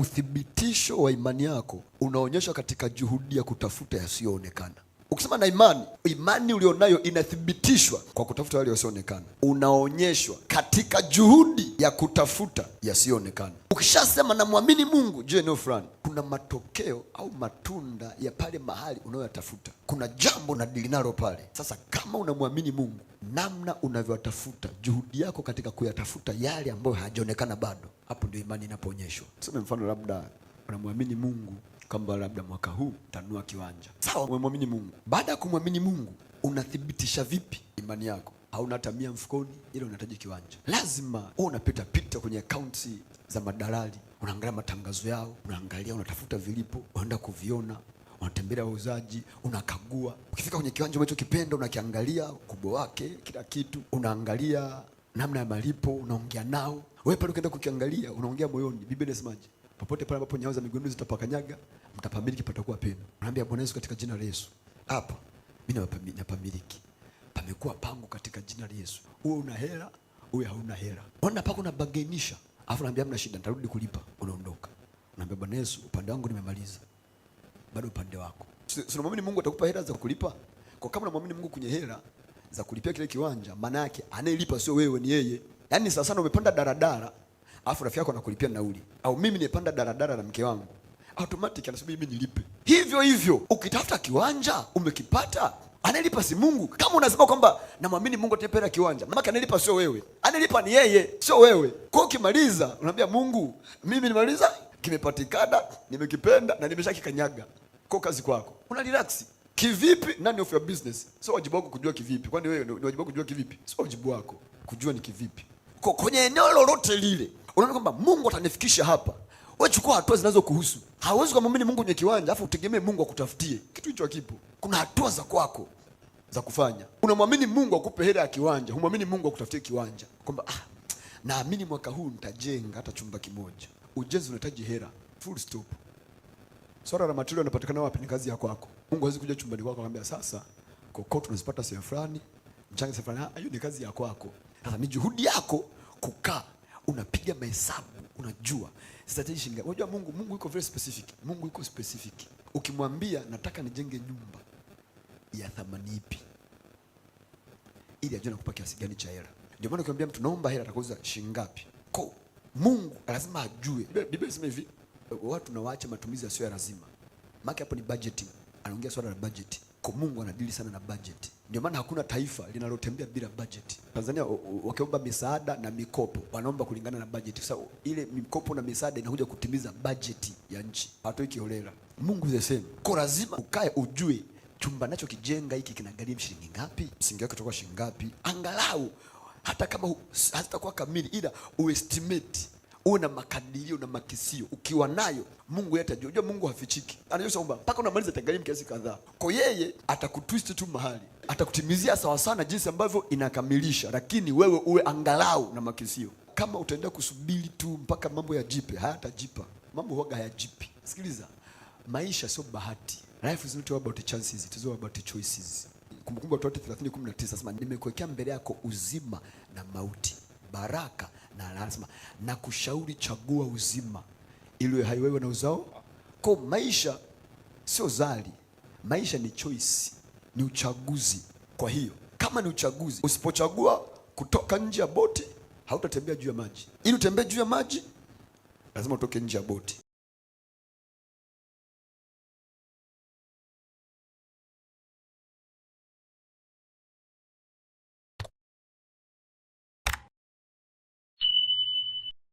uthibitisho wa imani yako unaonyeshwa katika juhudi ya kutafuta yasiyoonekana. Ukisema na imani, imani ulionayo inathibitishwa kwa kutafuta yale yasiyoonekana, unaonyeshwa katika juhudi ya kutafuta yasiyoonekana. Ukishasema namwamini Mungu je, ya eneo fulani kuna matokeo au matunda ya pale mahali unayoyatafuta. Kuna jambo na dili nalo pale. Sasa kama unamwamini Mungu, namna unavyotafuta juhudi yako katika kuyatafuta yale ambayo hayajaonekana bado, hapo ndio imani inapoonyeshwa. Tuseme mfano, labda unamwamini Mungu kwamba labda mwaka huu tanua kiwanja. Sawa, umemwamini Mungu. Baada ya kumwamini Mungu, unathibitisha vipi imani yako? hauna tamia mfukoni, ila unahitaji kiwanja. Lazima wewe unapita pita kwenye akaunti za madalali, unaangalia matangazo yao, unaangalia, unatafuta vilipo, unaenda kuviona unatembelea wauzaji, unakagua. Ukifika kwenye kiwanja unachokipenda unakiangalia ukubwa wake, kila kitu, unaangalia namna ya malipo, unaongea nao. Wewe pale ukienda kukiangalia, unaongea moyoni. Biblia inasemaje? Popote pale ambapo nyayo za miguu yenu zitapakanyaga, mtapamiliki patakuwa pena. Unaambia Bwana Yesu, katika jina la Yesu, hapa mimi napamiliki amekuwa pango katika jina la Yesu. Uwe una hela, uwe hauna hela. Ona pako na bagenisha. Afu naambia mna shida, nitarudi kulipa. Unaondoka. naambia Bwana Yesu, upande wangu nimemaliza. Bado upande wako. Sinamwamini Mungu atakupa hela za kulipa. Kwa kama unamwamini Mungu kwenye hela za kulipia kile kiwanja, maana yake anayelipa sio wewe, ni yeye. Yaani sasa sana umepanda daradara, afu rafiki yako anakulipia nauli. Au mimi nimepanda daradara na mke wangu. Automatic anasema mimi nilipe. Hivyo hivyo, ukitafuta kiwanja umekipata, Anelipa si Mungu. Kama unasema kwamba namwamini Mungu atanipa kiwanja, maana anelipa sio wewe, anelipa ni yeye, sio wewe. Kwa ukimaliza unaambia Mungu, mimi nimaliza, kimepatikana, nimekipenda na nimeshakikanyaga. Kwa kazi kwako una relax kivipi? Nani of your business? Sio wajibu wako kujua kivipi, kwani wewe ni wajibu wako kujua kivipi? Sio wajibu wako kujua ni kivipi. Kwa kwenye eneo lolote lile unaona kwamba Mungu atanifikisha hapa, wewe chukua hatua zinazokuhusu. Hawezi kumwamini Mungu kwenye kiwanja afu utegemee Mungu akutafutie. Kitu hicho hakipo. Kuna hatua za kwako za kufanya. Unamwamini Mungu akupe hela ya kiwanja, humwamini Mungu akutafutie kiwanja. Kwamba ah, naamini mwaka huu nitajenga hata chumba kimoja. Ujenzi unahitaji hela. Full stop. Swala la material yanapatikana wapi? Ni kazi ya kwako. Mungu hawezi kuja chumbani kwako akamwambia sasa kokoto tunazipata sehemu fulani, mchanga sehemu fulani. Ah, hiyo ni kazi ya kwako. Sasa ni juhudi yako kukaa unapiga mahesabu unajua strategy shilingi. Unajua Mungu, Mungu yuko very specific. Mungu yuko specific. Ukimwambia nataka nijenge nyumba ya thamani ipi, ili ajue nakupa kiasi gani cha hela. Ndio maana ukimwambia mtu naomba hela, atakuuliza shilingi ngapi? Ko Mungu lazima ajue. Biblia inasema hivi, watu na waache matumizi yasiyo ya lazima. Maana hapo ni budgeting, anaongea swala la budgeting. Kwa Mungu anadili sana na budget. Ndio maana hakuna taifa linalotembea bila budget. Tanzania wakiomba misaada na mikopo wanaomba kulingana na budget. sababu ile mikopo na misaada inakuja kutimiza budget ya nchi, hatoi kiholela. Mungu the same. Kwa lazima ukae ujue chumba nacho kijenga hiki kinagharimu shilingi ngapi, msingi wake utakuwa shilingi ngapi, angalau hata kama hazitakuwa kamili, ila uestimate uwe na makadirio na makisio. Ukiwa nayo Mungu yeye atajua. Mungu hafichiki, anajua mpaka unamaliza tangalimu kiasi kadhaa, kwa yeye atakutwist tu mahali, atakutimizia sawa sana jinsi ambavyo inakamilisha, lakini wewe uwe angalau na makisio. Kama utaenda kusubiri tu mpaka mambo ya yajipe, hayatajipa. Mambo huaga hayajipi. Sikiliza, maisha sio bahati. Life is not about chances, it is about choices. Kumbukumbu la Torati sema nimekuwekea mbele yako uzima na mauti, baraka na lazima na kushauri, chagua uzima ili hai wewe na uzao. Kwa maisha sio zali, maisha ni choice, ni uchaguzi. Kwa hiyo kama ni uchaguzi, usipochagua kutoka nje ya boti hautatembea juu ya maji. Ili utembee juu ya maji lazima utoke nje ya boti.